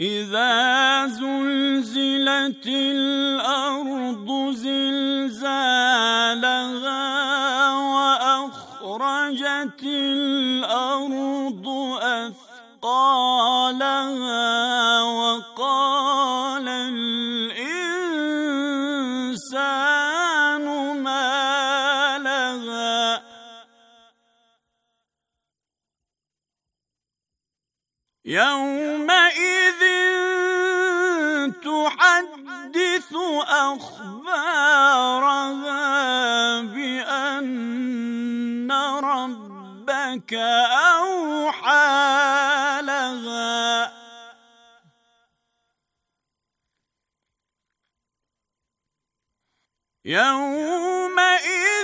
إذا زلزلت الأرض زلزالها وأخرجت الأرض أثقالها وقال أخبارها بأن ربك أوحى لها يومئذ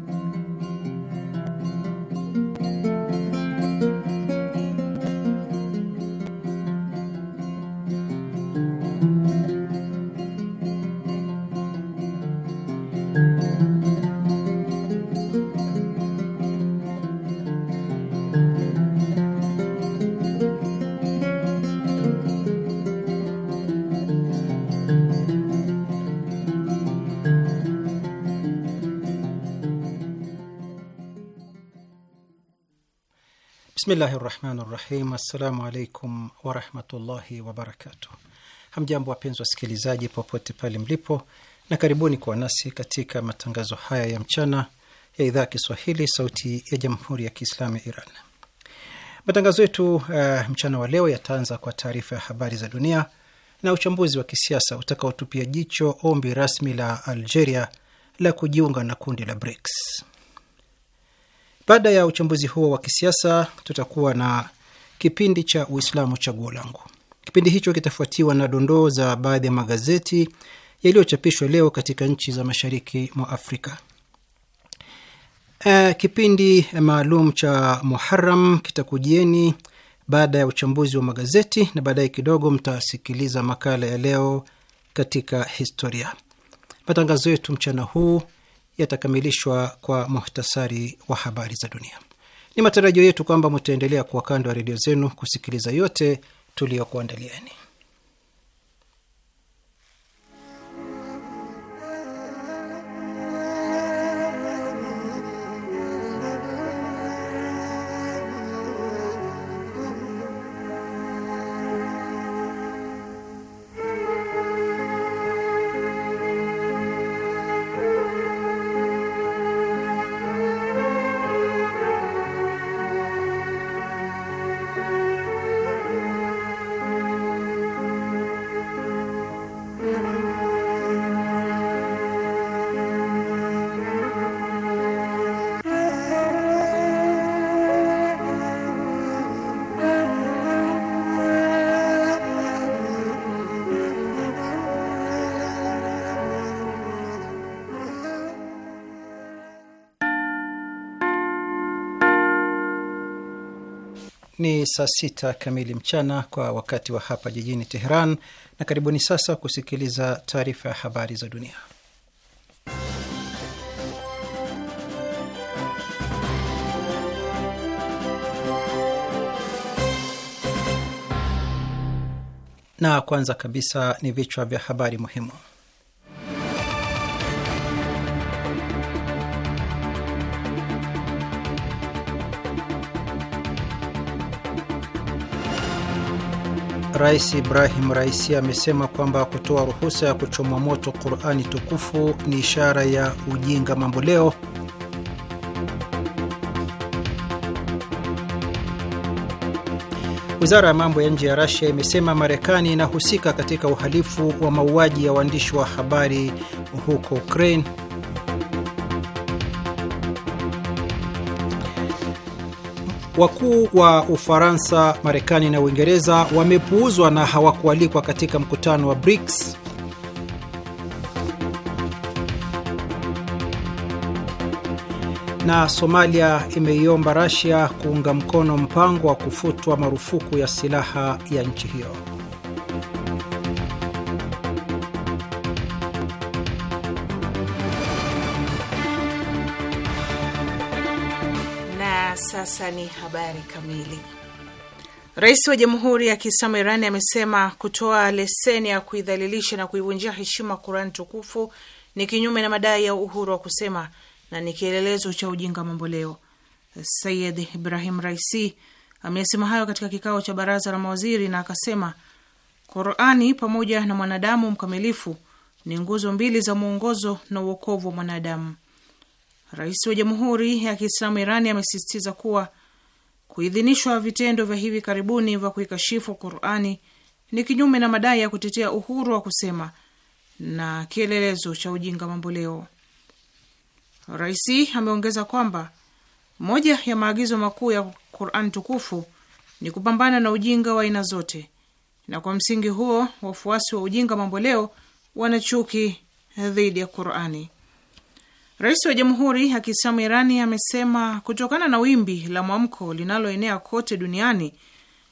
Bismillahi rahmani rahim. Assalamu alaikum warahmatullahi wabarakatuh. Hamjambo wapenzi wasikilizaji popote pale mlipo, na karibuni kuwa nasi katika matangazo haya ya mchana ya idhaa ya Kiswahili sauti ya jamhuri ya Kiislamu ya Iran. Matangazo yetu uh, mchana wa leo yataanza kwa taarifa ya habari za dunia na uchambuzi wa kisiasa utakaotupia jicho ombi rasmi la Algeria la kujiunga na kundi la BRICS. Baada ya uchambuzi huo wa kisiasa, tutakuwa na kipindi cha Uislamu Chaguo Langu. Kipindi hicho kitafuatiwa na dondoo za baadhi ya magazeti yaliyochapishwa leo katika nchi za mashariki mwa Afrika. Uh, kipindi maalum cha muharam kitakujieni baada ya uchambuzi wa magazeti na baadaye kidogo mtasikiliza makala ya leo katika historia. Matangazo yetu mchana huu yatakamilishwa kwa muhtasari wa habari za dunia. Ni matarajio yetu kwamba mtaendelea kuwa kando ya redio zenu kusikiliza yote tuliyokuandalieni. Ni saa sita kamili mchana kwa wakati wa hapa jijini Teheran, na karibuni sasa kusikiliza taarifa ya habari za dunia. Na kwanza kabisa ni vichwa vya habari muhimu. Rais Ibrahim Raisi amesema kwamba kutoa ruhusa ya kuchomwa moto Qurani tukufu ni ishara ya ujinga mambo leo. Wizara ya mambo ya nje ya Rasia imesema Marekani inahusika katika uhalifu wa mauaji ya waandishi wa habari huko Ukraine. Wakuu wa Ufaransa, Marekani na Uingereza wamepuuzwa na hawakualikwa katika mkutano wa BRICS. Na Somalia imeiomba Russia kuunga mkono mpango wa kufutwa marufuku ya silaha ya nchi hiyo. sasa ni habari kamili. Rais wa Jamhuri ya Kiislamu Irani amesema kutoa leseni ya kuidhalilisha na kuivunjia heshima Quran tukufu ni kinyume na madai ya uhuru wa kusema na ni kielelezo cha ujinga mamboleo. Sayid Ibrahim Raisi amesema hayo katika kikao cha baraza la mawaziri na akasema, Qurani pamoja na mwanadamu mkamilifu ni nguzo mbili za mwongozo na uokovu wa mwanadamu. Rais wa Jamhuri ya Kiislamu Irani amesisitiza kuwa kuidhinishwa vitendo vya hivi karibuni vya kuikashifu Qurani ni kinyume na madai ya kutetea uhuru wa kusema na kielelezo cha ujinga mamboleo. Rais ameongeza kwamba moja ya maagizo makuu ya Quran tukufu ni kupambana na ujinga wa aina zote, na kwa msingi huo wafuasi wa ujinga mamboleo wana chuki dhidi ya Qurani. Rais wa Jamhuri ya Kiislamu Irani amesema kutokana na wimbi la mwamko linaloenea kote duniani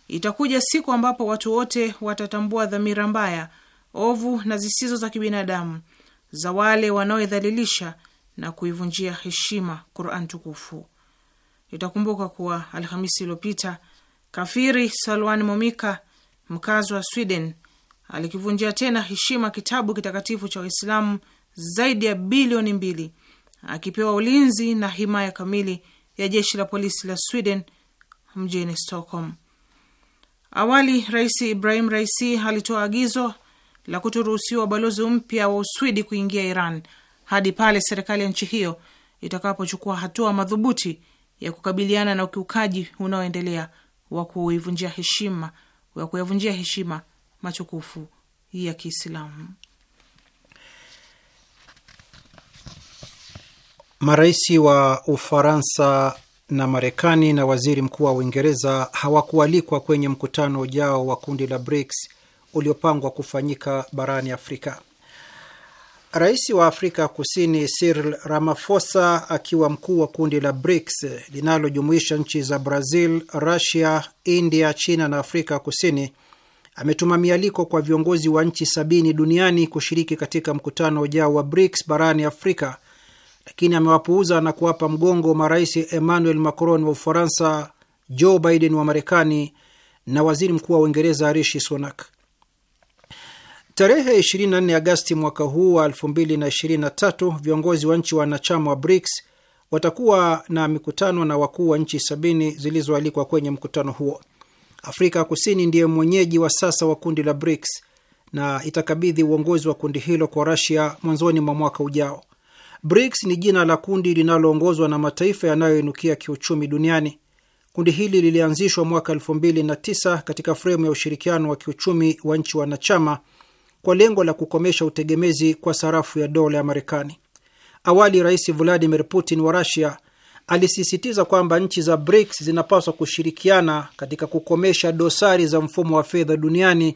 itakuja siku ambapo watu wote watatambua dhamira mbaya, ovu na zisizo za kibinadamu za wale wanaoidhalilisha na kuivunjia heshima Quran tukufu. Itakumbuka kuwa Alhamisi iliyopita kafiri Salwan Momika, mkazi wa Sweden, alikivunjia tena heshima kitabu kitakatifu cha Waislamu zaidi ya bilioni mbili akipewa ulinzi na himaya kamili ya jeshi la polisi la Sweden mjini Stockholm. Awali Rais Ibrahim Raisi alitoa agizo la kutoruhusiwa balozi mpya wa Uswidi kuingia Iran hadi pale serikali ya nchi hiyo itakapochukua hatua madhubuti ya kukabiliana na ukiukaji unaoendelea wa kuivunjia heshima wa kuyavunjia heshima matukufu ya Kiislamu. Marais wa Ufaransa na Marekani na waziri mkuu wa Uingereza hawakualikwa kwenye mkutano ujao wa kundi la BRICS uliopangwa kufanyika barani Afrika. Rais wa Afrika Kusini Cyril Ramaphosa akiwa mkuu wa kundi la BRICS linalojumuisha nchi za Brazil, Russia, India, China na Afrika Kusini ametuma mialiko kwa viongozi wa nchi sabini duniani kushiriki katika mkutano ujao wa BRICS barani Afrika lakini amewapuuza na kuwapa mgongo marais Emmanuel Macron wa Ufaransa, Joe Biden wa Marekani na waziri mkuu wa Uingereza Rishi Sunak. Tarehe 24 Agasti mwaka huu wa 2023 viongozi wa nchi wanachama wa BRICS watakuwa na mikutano na wakuu wa nchi sabini zilizoalikwa kwenye mkutano huo. Afrika Kusini ndiye mwenyeji wa sasa wa kundi la BRICS na itakabidhi uongozi wa kundi hilo kwa rasia mwanzoni mwa mwaka ujao. BRICS ni jina la kundi linaloongozwa na mataifa yanayoinukia kiuchumi duniani. Kundi hili lilianzishwa mwaka 2009 katika fremu ya ushirikiano wa kiuchumi wa nchi wanachama kwa lengo la kukomesha utegemezi kwa sarafu ya dola ya Marekani. Awali, Rais Vladimir Putin wa Russia alisisitiza kwamba nchi za BRICS zinapaswa kushirikiana katika kukomesha dosari za mfumo wa fedha duniani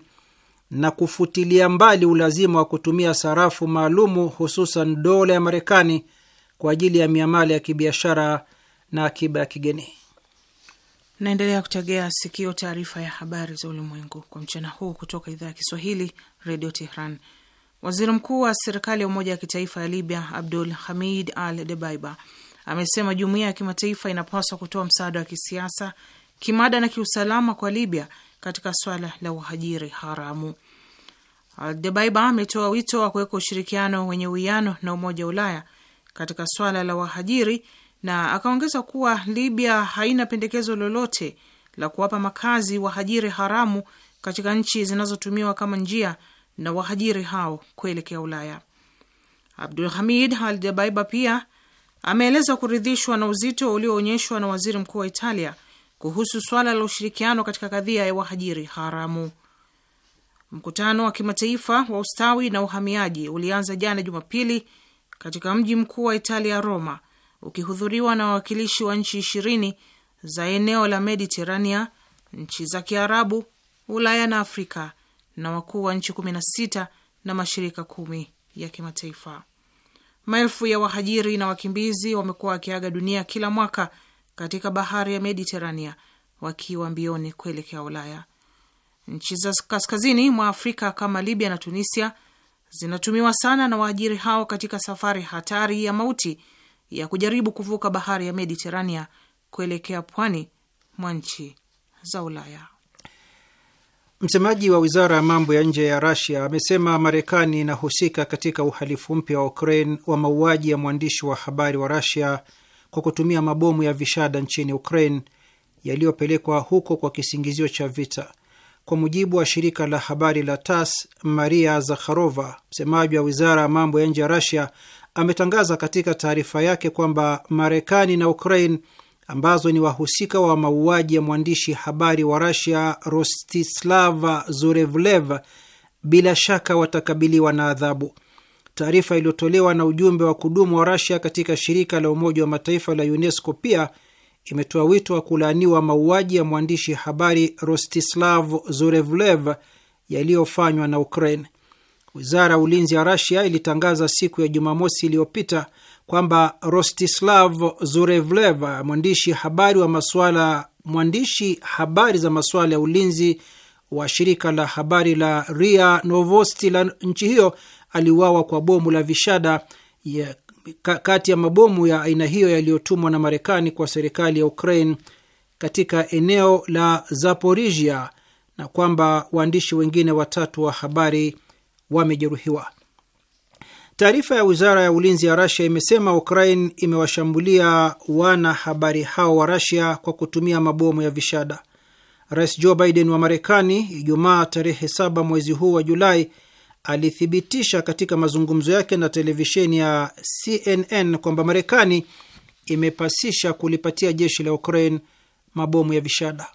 na kufutilia mbali ulazima wa kutumia sarafu maalumu hususan dola ya Marekani kwa ajili ya miamala ya kibiashara na akiba ya kigeni. Naendelea kutegea sikio taarifa ya habari za ulimwengu kwa mchana huu kutoka idhaa ya Kiswahili, Redio Tehran. Waziri mkuu wa serikali ya umoja wa kitaifa ya Libya, Abdul Hamid Al Debaiba, amesema jumuiya ya kimataifa inapaswa kutoa msaada wa kisiasa, kimada na kiusalama kwa Libya katika swala la uhajiri haramu. Aldebaiba ametoa wito wa kuweka ushirikiano wenye uwiano na Umoja wa Ulaya katika swala la wahajiri na akaongeza kuwa Libya haina pendekezo lolote la kuwapa makazi wahajiri haramu katika nchi zinazotumiwa kama njia na wahajiri hao kuelekea Ulaya. Abdul Hamid Al pia ameeleza kuridhishwa na uzito ulioonyeshwa na waziri mkuu wa Italia kuhusu swala la ushirikiano katika kadhia ya wahajiri haramu. Mkutano wa kimataifa wa ustawi na uhamiaji ulianza jana Jumapili katika mji mkuu wa Italia, Roma, ukihudhuriwa na wawakilishi wa nchi ishirini za eneo la Mediterania, nchi za Kiarabu, Ulaya na Afrika, na wakuu wa nchi sita na mashirika kumi ya kimataifa. Maelfu ya wahajiri na wakimbizi wamekuwa wakiaga dunia kila mwaka katika bahari ya Mediterania wakiwa mbioni kuelekea Ulaya. Nchi za kaskazini mwa Afrika kama Libya na Tunisia zinatumiwa sana na waajiri hao katika safari hatari ya mauti ya kujaribu kuvuka bahari ya Mediterania kuelekea pwani mwa nchi za Ulaya. Msemaji wa wizara ya mambo ya nje ya Rasia amesema Marekani inahusika katika uhalifu mpya wa Ukraine wa mauaji ya mwandishi wa habari wa Rasia kwa kutumia mabomu ya vishada nchini Ukraine yaliyopelekwa huko kwa kisingizio cha vita kwa mujibu wa shirika la habari la tas Maria Zakharova, msemaji wa wizara ya mambo ya nje ya rasia ametangaza katika taarifa yake kwamba Marekani na Ukraine ambazo ni wahusika wa mauaji ya mwandishi habari wa rasia Rostislava Zurevlev bila shaka watakabiliwa na adhabu. Taarifa iliyotolewa na ujumbe wa kudumu wa rasia katika shirika la Umoja wa Mataifa la UNESCO pia imetoa wito wa kulaaniwa mauaji ya mwandishi habari Rostislav Zurevlev yaliyofanywa na Ukraine. Wizara ya ulinzi ya Rasia ilitangaza siku ya Jumamosi iliyopita kwamba Rostislav Zurevlev, mwandishi habari wa masuala mwandishi habari za masuala ya ulinzi wa shirika la habari la Ria Novosti la nchi hiyo aliuawa kwa bomu la vishada kati ya mabomu ya aina hiyo yaliyotumwa na Marekani kwa serikali ya Ukraine katika eneo la Zaporizhia na kwamba waandishi wengine watatu wa habari wamejeruhiwa. Taarifa ya wizara ya ulinzi ya Rasia imesema Ukraine imewashambulia wanahabari hao wa Rasia kwa kutumia mabomu ya vishada. Rais Joe Biden wa Marekani Ijumaa tarehe 7 mwezi huu wa Julai alithibitisha katika mazungumzo yake na televisheni ya CNN kwamba Marekani imepasisha kulipatia jeshi la Ukraine mabomu ya vishada.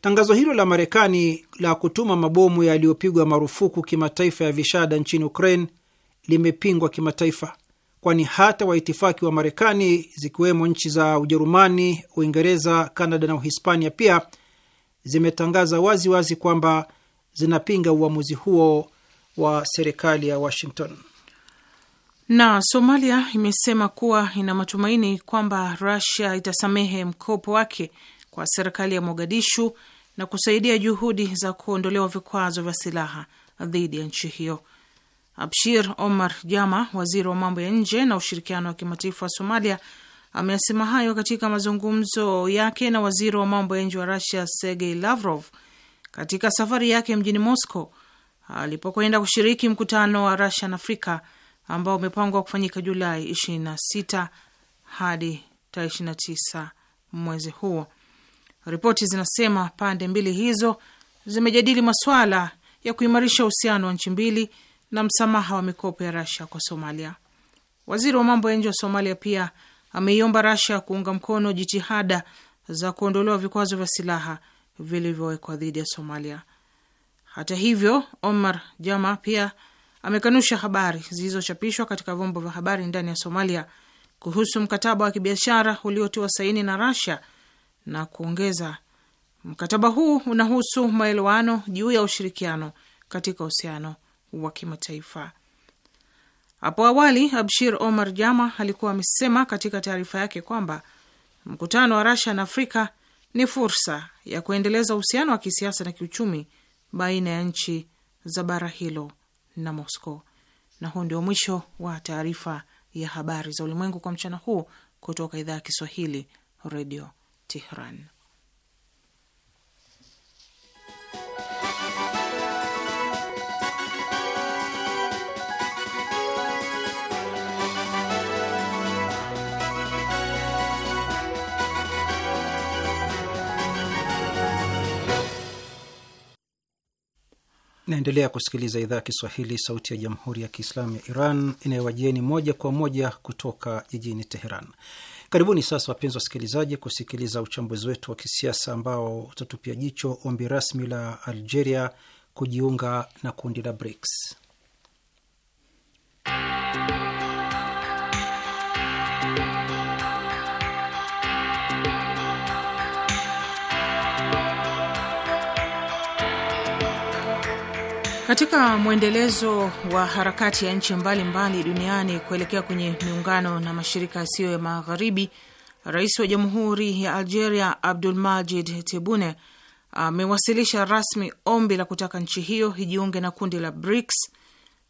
Tangazo hilo la Marekani la kutuma mabomu yaliyopigwa marufuku kimataifa ya vishada nchini Ukraine limepingwa kimataifa, kwani hata waitifaki wa Marekani zikiwemo nchi za Ujerumani, Uingereza, Kanada na Uhispania pia zimetangaza wazi wazi kwamba zinapinga uamuzi huo wa serikali ya Washington. Na Somalia imesema kuwa ina matumaini kwamba rasia itasamehe mkopo wake kwa serikali ya Mogadishu na kusaidia juhudi za kuondolewa vikwazo vya silaha dhidi ya nchi hiyo. Abshir Omar Jama, waziri wa mambo ya nje na ushirikiano wa kimataifa wa Somalia, amesema hayo katika mazungumzo yake na waziri wa mambo ya nje wa Rusia Sergei Lavrov katika safari yake mjini Moscow alipokwenda kushiriki mkutano wa Rasia na Afrika ambao umepangwa kufanyika Julai 26 hadi tarehe 29 mwezi huo. Ripoti zinasema pande mbili hizo zimejadili masuala ya kuimarisha uhusiano wa nchi mbili na msamaha wa mikopo ya Rasia kwa Somalia. Waziri wa mambo ya nje wa Somalia pia ameiomba Rasia kuunga mkono jitihada za kuondolewa vikwazo vya silaha vilivyowekwa dhidi ya Somalia. Hata hivyo, Omar Jama pia amekanusha habari zilizochapishwa katika vyombo vya habari ndani ya Somalia kuhusu mkataba wa kibiashara uliotiwa saini na Russia na kuongeza, mkataba huu unahusu maelewano juu ya ushirikiano katika uhusiano wa kimataifa. Hapo awali Abshir Omar Jama alikuwa amesema katika taarifa yake kwamba mkutano wa Russia na Afrika ni fursa ya kuendeleza uhusiano wa kisiasa na kiuchumi baina ya nchi za bara hilo na Moscow. Na huu ndio mwisho wa taarifa ya habari za ulimwengu kwa mchana huu kutoka idhaa ya Kiswahili, Redio Tehran. Naendelea kusikiliza idhaa ya Kiswahili, sauti ya jamhuri ya kiislamu ya Iran inayowajieni moja kwa moja kutoka jijini Teheran. Karibuni sasa, wapenzi wasikilizaji, kusikiliza uchambuzi wetu wa kisiasa ambao utatupia jicho ombi rasmi la Algeria kujiunga na kundi la BRICS. Katika mwendelezo wa harakati ya nchi mbalimbali duniani kuelekea kwenye miungano na mashirika yasiyo ya magharibi, rais wa jamhuri ya Algeria Abdulmajid Tebune amewasilisha rasmi ombi la kutaka nchi hiyo ijiunge na kundi la BRICS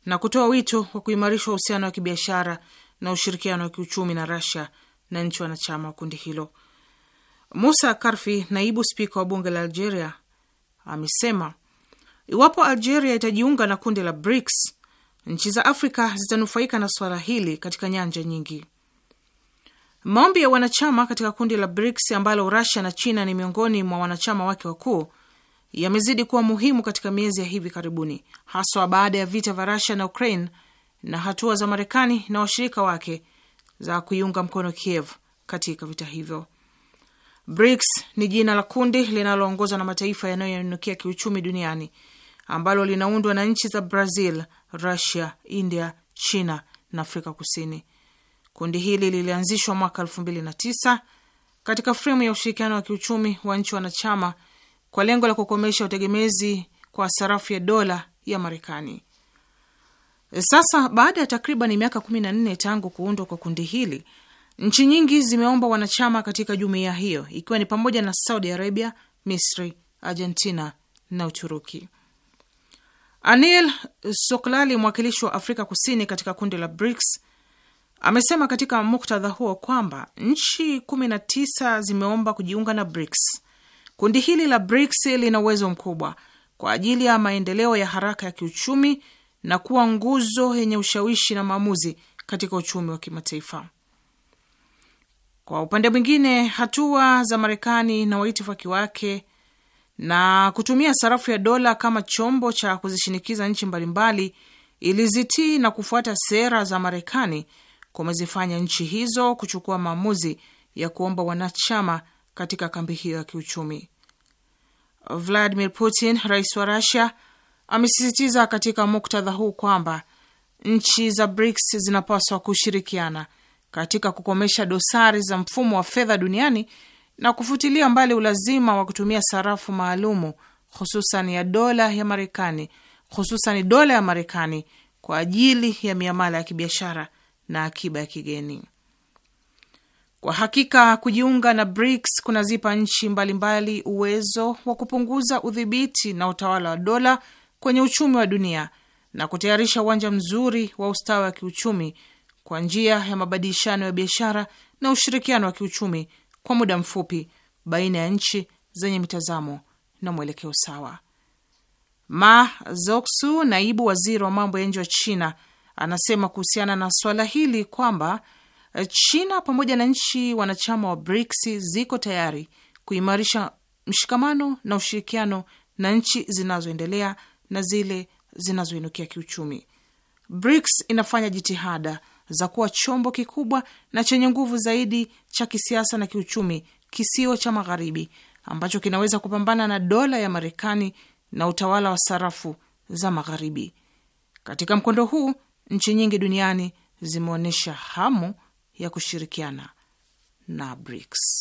na kutoa wito wa kuimarishwa uhusiano wa kibiashara na ushirikiano wa kiuchumi na rasia na nchi wanachama wa kundi hilo. Musa Karfi, naibu spika wa bunge la Algeria, amesema Iwapo Algeria itajiunga na kundi la BRICS, nchi za Afrika zitanufaika na swala hili katika nyanja nyingi. Maombi ya wanachama katika kundi la BRICS ambalo Rusia na China ni miongoni mwa wanachama wake wakuu yamezidi kuwa muhimu katika miezi ya hivi karibuni, haswa baada ya vita vya Rusia na Ukraine na hatua za Marekani na washirika wake za kuiunga mkono Kiev katika vita hivyo. BRICS ni jina la kundi linaloongozwa na mataifa yanayoinukia kiuchumi duniani ambalo linaundwa na nchi za Brazil, Russia, India, China na Afrika Kusini. Kundi hili lilianzishwa mwaka tisa katika fremu ya ushirikiano wa kiuchumi wa nchi wanachama kwa lengo la kukomesha utegemezi kwa sarafu ya dola ya Marekani. Sasa baada ya takriban miaka nne tangu kuundwa kwa kundi hili, nchi nyingi zimeomba wanachama katika jumuiya hiyo, ikiwa ni pamoja na Saudi Arabia, Misri, Argentina na Uturuki. Anil Soklali, mwakilishi wa Afrika Kusini katika kundi la BRICS, amesema katika muktadha huo kwamba nchi 19 zimeomba kujiunga na BRICS. Kundi hili la BRICS lina uwezo mkubwa kwa ajili ya maendeleo ya haraka ya kiuchumi na kuwa nguzo yenye ushawishi na maamuzi katika uchumi wa kimataifa. Kwa upande mwingine, hatua za Marekani na waitifaki wake na kutumia sarafu ya dola kama chombo cha kuzishinikiza nchi mbalimbali ilizitii na kufuata sera za Marekani kumezifanya nchi hizo kuchukua maamuzi ya kuomba wanachama katika kambi hiyo ya kiuchumi. Vladimir Putin, rais wa Rusia, amesisitiza katika muktadha huu kwamba nchi za BRICS zinapaswa kushirikiana katika kukomesha dosari za mfumo wa fedha duniani na kufutilia mbali ulazima wa kutumia sarafu maalumu hususan ya dola ya Marekani, hususan dola ya Marekani kwa ajili ya miamala ya kibiashara na akiba ya kigeni. Kwa hakika kujiunga na BRICS kunazipa nchi mbalimbali uwezo wa kupunguza udhibiti na utawala wa dola kwenye uchumi wa dunia na kutayarisha uwanja mzuri wa ustawi wa kiuchumi kwa njia ya mabadilishano ya biashara na ushirikiano wa kiuchumi kwa muda mfupi baina ya nchi zenye mitazamo na mwelekeo sawa. Ma Zoksu, naibu waziri wa mambo ya nje wa China, anasema kuhusiana na swala hili kwamba eh, China pamoja na nchi wanachama wa BRICS ziko tayari kuimarisha mshikamano na ushirikiano na nchi zinazoendelea na zile zinazoinukia kiuchumi. BRICS inafanya jitihada za kuwa chombo kikubwa na chenye nguvu zaidi cha kisiasa na kiuchumi kisio cha magharibi ambacho kinaweza kupambana na dola ya Marekani na utawala wa sarafu za magharibi. Katika mkondo huu, nchi nyingi duniani zimeonyesha hamu ya kushirikiana na BRICS.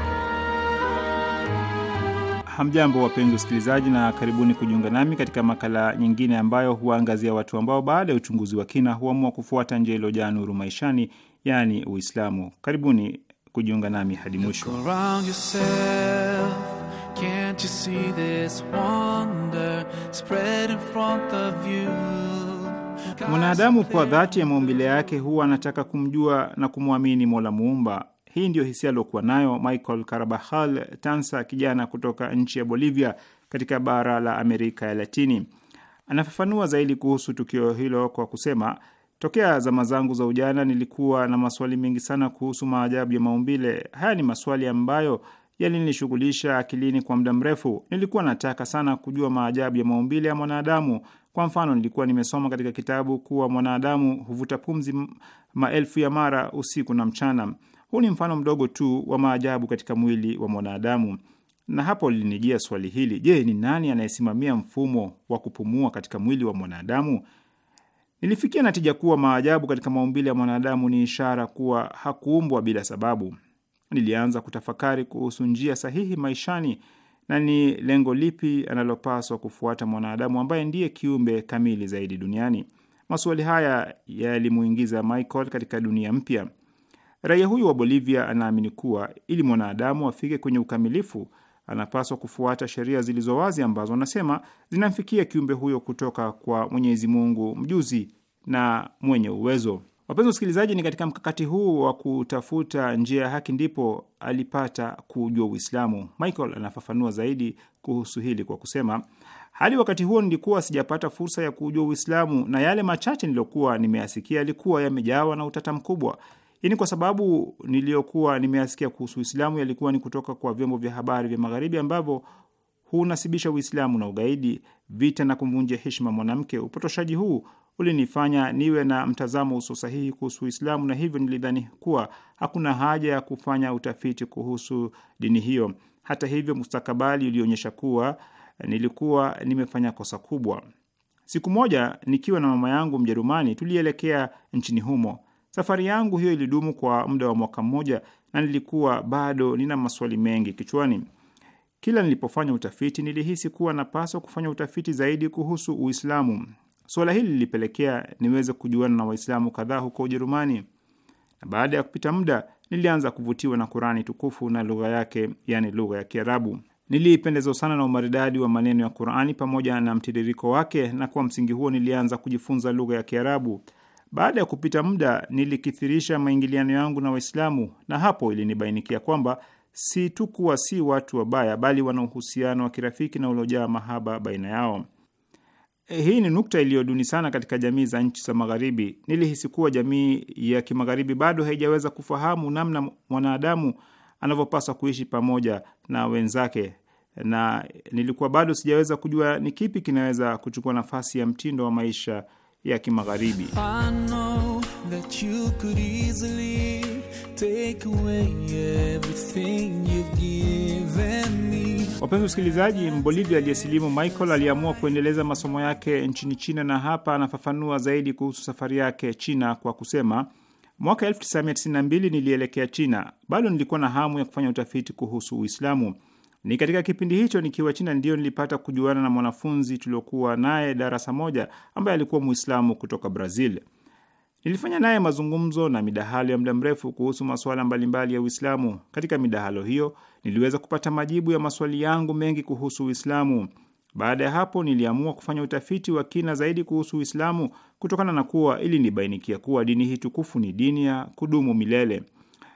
Hamjambo, wapenzi wasikilizaji, na karibuni kujiunga nami katika makala nyingine ambayo huwaangazia watu ambao baada ya uchunguzi wa kina huamua kufuata njia iliyojaa nuru maishani, yaani Uislamu. Karibuni kujiunga nami hadi mwisho. Mwanadamu kwa dhati ya maumbile yake huwa anataka kumjua na kumwamini Mola Muumba hii ndiyo hisia aliokuwa nayo Michael Carabajal Tansa, kijana kutoka nchi ya Bolivia katika bara la Amerika ya Latini. Anafafanua zaidi kuhusu tukio hilo kwa kusema, tokea zama zangu za ujana nilikuwa na maswali mengi sana kuhusu maajabu ya maumbile. Haya ni maswali ambayo yalinishughulisha akilini kwa muda mrefu. Nilikuwa nataka sana kujua maajabu ya maumbile ya mwanadamu. Kwa mfano, nilikuwa nimesoma katika kitabu kuwa mwanadamu huvuta pumzi maelfu ya mara usiku na mchana. Huu ni mfano mdogo tu wa maajabu katika mwili wa mwanadamu. Na hapo lilinijia swali hili: je, ni nani anayesimamia mfumo wa kupumua katika mwili wa mwanadamu? Nilifikia natija kuwa maajabu katika maumbile ya mwanadamu ni ishara kuwa hakuumbwa bila sababu. Nilianza kutafakari kuhusu njia sahihi maishani na ni lengo lipi analopaswa kufuata mwanadamu ambaye ndiye kiumbe kamili zaidi duniani. Maswali haya yalimuingiza Michael katika dunia mpya. Raia huyu wa Bolivia anaamini kuwa ili mwanadamu afike kwenye ukamilifu, anapaswa kufuata sheria zilizo wazi ambazo anasema zinamfikia kiumbe huyo kutoka kwa Mwenyezi Mungu mjuzi na mwenye uwezo. Wapenzi wasikilizaji, ni katika mkakati huu wa kutafuta njia ya haki ndipo alipata kujua Uislamu. Michael anafafanua zaidi kuhusu hili kwa kusema, hadi wakati huo nilikuwa sijapata fursa ya kujua Uislamu, na yale machache niliyokuwa nimeyasikia yalikuwa yamejawa na utata mkubwa. Hii ni kwa sababu niliyokuwa nimeasikia kuhusu Uislamu yalikuwa ni kutoka kwa vyombo vya habari vya Magharibi ambavyo hunasibisha Uislamu na ugaidi, vita na kumvunjia heshima mwanamke. Upotoshaji huu ulinifanya niwe na mtazamo usio sahihi kuhusu Uislamu, na hivyo nilidhani kuwa hakuna haja ya kufanya utafiti kuhusu dini hiyo. Hata hivyo, mustakabali ulionyesha kuwa nilikuwa nimefanya kosa kubwa. Siku moja nikiwa na mama yangu Mjerumani, tulielekea nchini humo. Safari yangu hiyo ilidumu kwa muda wa mwaka mmoja na nilikuwa bado nina maswali mengi kichwani. Kila nilipofanya utafiti nilihisi kuwa napaswa kufanya utafiti zaidi kuhusu Uislamu. Suala hili lilipelekea niweze kujuana na Waislamu kadhaa huko Ujerumani, na baada ya kupita muda nilianza kuvutiwa na Kurani tukufu na lugha yake, yani lugha ya Kiarabu. Nilipendezwa sana na umaridadi wa maneno ya Qurani pamoja na mtiririko wake, na kwa msingi huo nilianza kujifunza lugha ya Kiarabu. Baada ya kupita muda, nilikithirisha maingiliano yangu na Waislamu, na hapo ilinibainikia kwamba si tu kuwa si watu wabaya, bali wana uhusiano wa kirafiki na uliojaa mahaba baina yao. Eh, hii ni nukta iliyoduni sana katika jamii za nchi za Magharibi. Nilihisi kuwa jamii ya kimagharibi bado haijaweza kufahamu namna mwanadamu anavyopaswa kuishi pamoja na wenzake, na nilikuwa bado sijaweza kujua ni kipi kinaweza kuchukua nafasi ya mtindo wa maisha ya Kimagharibi. Wapenzi wasikilizaji, Mbolivia aliyesilimu Michael aliamua kuendeleza masomo yake nchini China, na hapa anafafanua zaidi kuhusu safari yake China kwa kusema Mwaka 1992 nilielekea China. Bado nilikuwa na hamu ya kufanya utafiti kuhusu Uislamu. Ni katika kipindi hicho nikiwa China ndiyo nilipata kujuana na mwanafunzi tuliokuwa naye darasa moja ambaye alikuwa Muislamu kutoka Brazil. Nilifanya naye mazungumzo na midahalo ya muda mrefu kuhusu masuala mbalimbali ya Uislamu. Katika midahalo hiyo niliweza kupata majibu ya maswali yangu mengi kuhusu Uislamu. Baada ya hapo niliamua kufanya utafiti wa kina zaidi kuhusu Uislamu kutokana na kuwa ili nibainikia kuwa dini hii tukufu ni dini ya kudumu milele.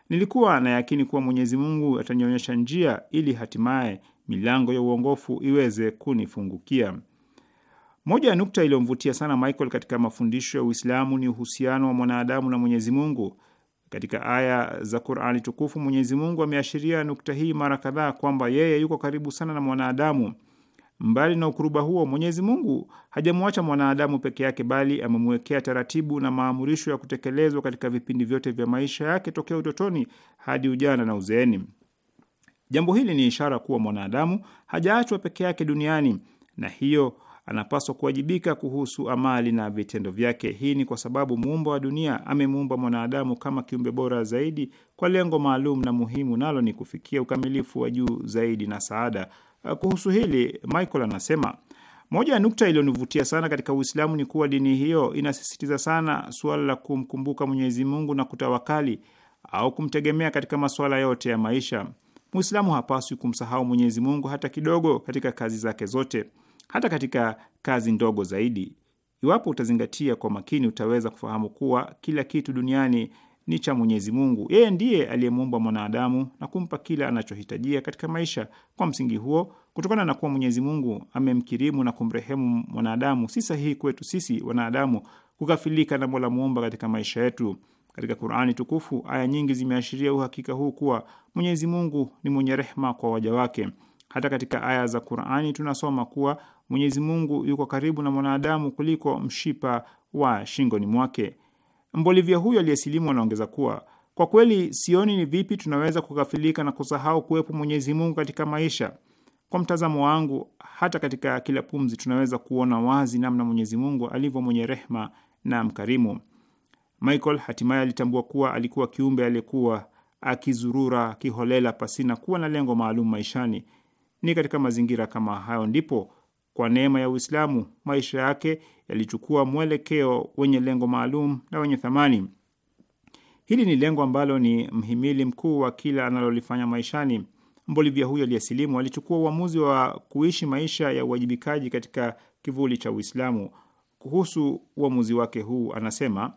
Nilikuwa na yakini kuwa Mwenyezi Mungu atanionyesha njia ili hatimaye milango ya uongofu iweze kunifungukia. Moja ya nukta iliyomvutia sana Michael katika mafundisho ya Uislamu ni uhusiano wa mwanadamu na Mwenyezi Mungu. Katika aya za Qurani tukufu Mwenyezi Mungu ameashiria nukta hii mara kadhaa, kwamba yeye yuko karibu sana na mwanadamu Mbali na ukuruba huo, Mwenyezi Mungu hajamwacha mwanadamu peke yake, bali amemwekea taratibu na maamurisho ya kutekelezwa katika vipindi vyote vya maisha yake tokea utotoni hadi ujana na uzeeni. Jambo hili ni ishara kuwa mwanadamu hajaachwa peke yake duniani, na hiyo anapaswa kuwajibika kuhusu amali na vitendo vyake. Hii ni kwa sababu muumba wa dunia amemuumba mwanadamu kama kiumbe bora zaidi kwa lengo maalum na muhimu, nalo ni kufikia ukamilifu wa juu zaidi na saada. Uh, kuhusu hili, Michael anasema moja ya nukta iliyonivutia sana katika Uislamu ni kuwa dini hiyo inasisitiza sana suala la kumkumbuka Mwenyezi Mungu na kutawakali au kumtegemea katika masuala yote ya maisha. Muislamu hapaswi kumsahau Mwenyezi Mungu hata kidogo katika kazi zake zote, hata katika kazi ndogo zaidi. Iwapo utazingatia kwa makini, utaweza kufahamu kuwa kila kitu duniani ni cha Mwenyezi Mungu. Yeye ndiye aliyemuumba mwanadamu na kumpa kila anachohitajia katika maisha. Kwa msingi huo, kutokana na kuwa Mwenyezi Mungu amemkirimu na kumrehemu mwanadamu, si sahihi kwetu sisi wanadamu kukafilika na Mola muumba katika maisha yetu. Katika Qur'ani tukufu aya nyingi zimeashiria uhakika huu kuwa Mwenyezi Mungu ni mwenye rehma kwa waja wake. Hata katika aya za Qur'ani tunasoma kuwa Mwenyezi Mungu yuko karibu na mwanadamu kuliko mshipa wa shingoni mwake. Mbolivia huyo aliyesilimu anaongeza kuwa kwa kweli sioni ni vipi tunaweza kughafilika na kusahau kuwepo Mwenyezi Mungu katika maisha. Kwa mtazamo wangu, hata katika kila pumzi tunaweza kuona wazi namna Mwenyezi Mungu alivyo mwenye rehma na mkarimu. Michael hatimaye alitambua kuwa alikuwa kiumbe aliyekuwa akizurura kiholela pasina kuwa na lengo maalum maishani. Ni katika mazingira kama hayo ndipo kwa neema ya Uislamu, maisha yake yalichukua mwelekeo wenye lengo maalum na wenye thamani. Hili ni lengo ambalo ni mhimili mkuu wa kila analolifanya maishani. Mbolivia huyo aliyesilimu alichukua uamuzi wa kuishi maisha ya uwajibikaji katika kivuli cha Uislamu. Kuhusu uamuzi wake huu anasema: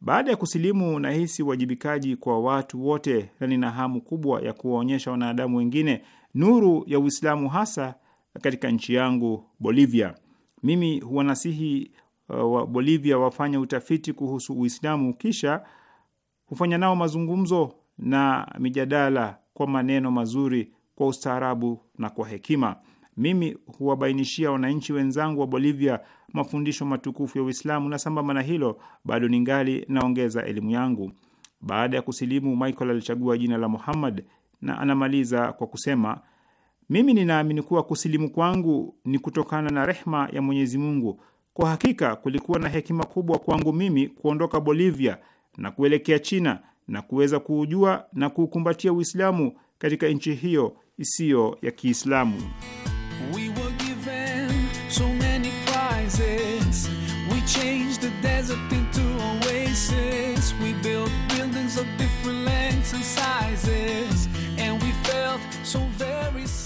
baada ya kusilimu, nahisi uwajibikaji kwa watu wote na nina hamu kubwa ya kuwaonyesha wanadamu wengine nuru ya Uislamu, hasa katika nchi yangu Bolivia. Mimi huwanasihi uh, wa Bolivia wafanye utafiti kuhusu Uislamu, kisha hufanya nao mazungumzo na mijadala kwa maneno mazuri, kwa ustaarabu na kwa hekima. Mimi huwabainishia wananchi wenzangu wa Bolivia mafundisho matukufu ya Uislamu, na sambamba na hilo bado ningali naongeza elimu yangu. Baada ya kusilimu, Michael alichagua jina la Muhammad na anamaliza kwa kusema mimi ninaamini kuwa kusilimu kwangu ni kutokana na rehma ya Mwenyezi Mungu. Kwa hakika kulikuwa na hekima kubwa kwangu mimi kuondoka Bolivia na kuelekea China na kuweza kuujua na kuukumbatia Uislamu katika nchi hiyo isiyo ya Kiislamu. We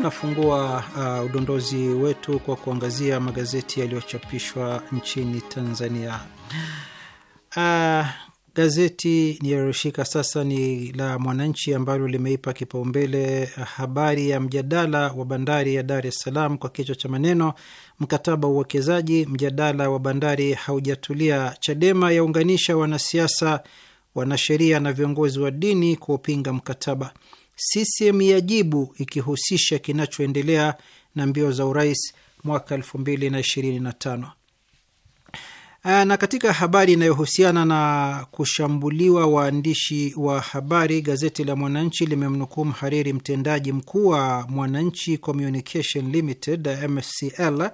tunafungua uh, udondozi wetu kwa kuangazia magazeti yaliyochapishwa nchini Tanzania. Uh, gazeti nililoshika sasa ni la Mwananchi ambalo limeipa kipaumbele habari ya mjadala wa bandari ya Dar es Salaam kwa kichwa cha maneno mkataba wa uwekezaji, mjadala wa bandari haujatulia, Chadema yaunganisha wanasiasa, wanasheria na viongozi wa dini kuupinga mkataba CCM yajibu ikihusisha kinachoendelea na mbio za urais mwaka 2025. Na katika habari inayohusiana na kushambuliwa waandishi wa habari, gazeti la Mwananchi limemnukuu mhariri mtendaji mkuu wa Mwananchi Communication Limited MCL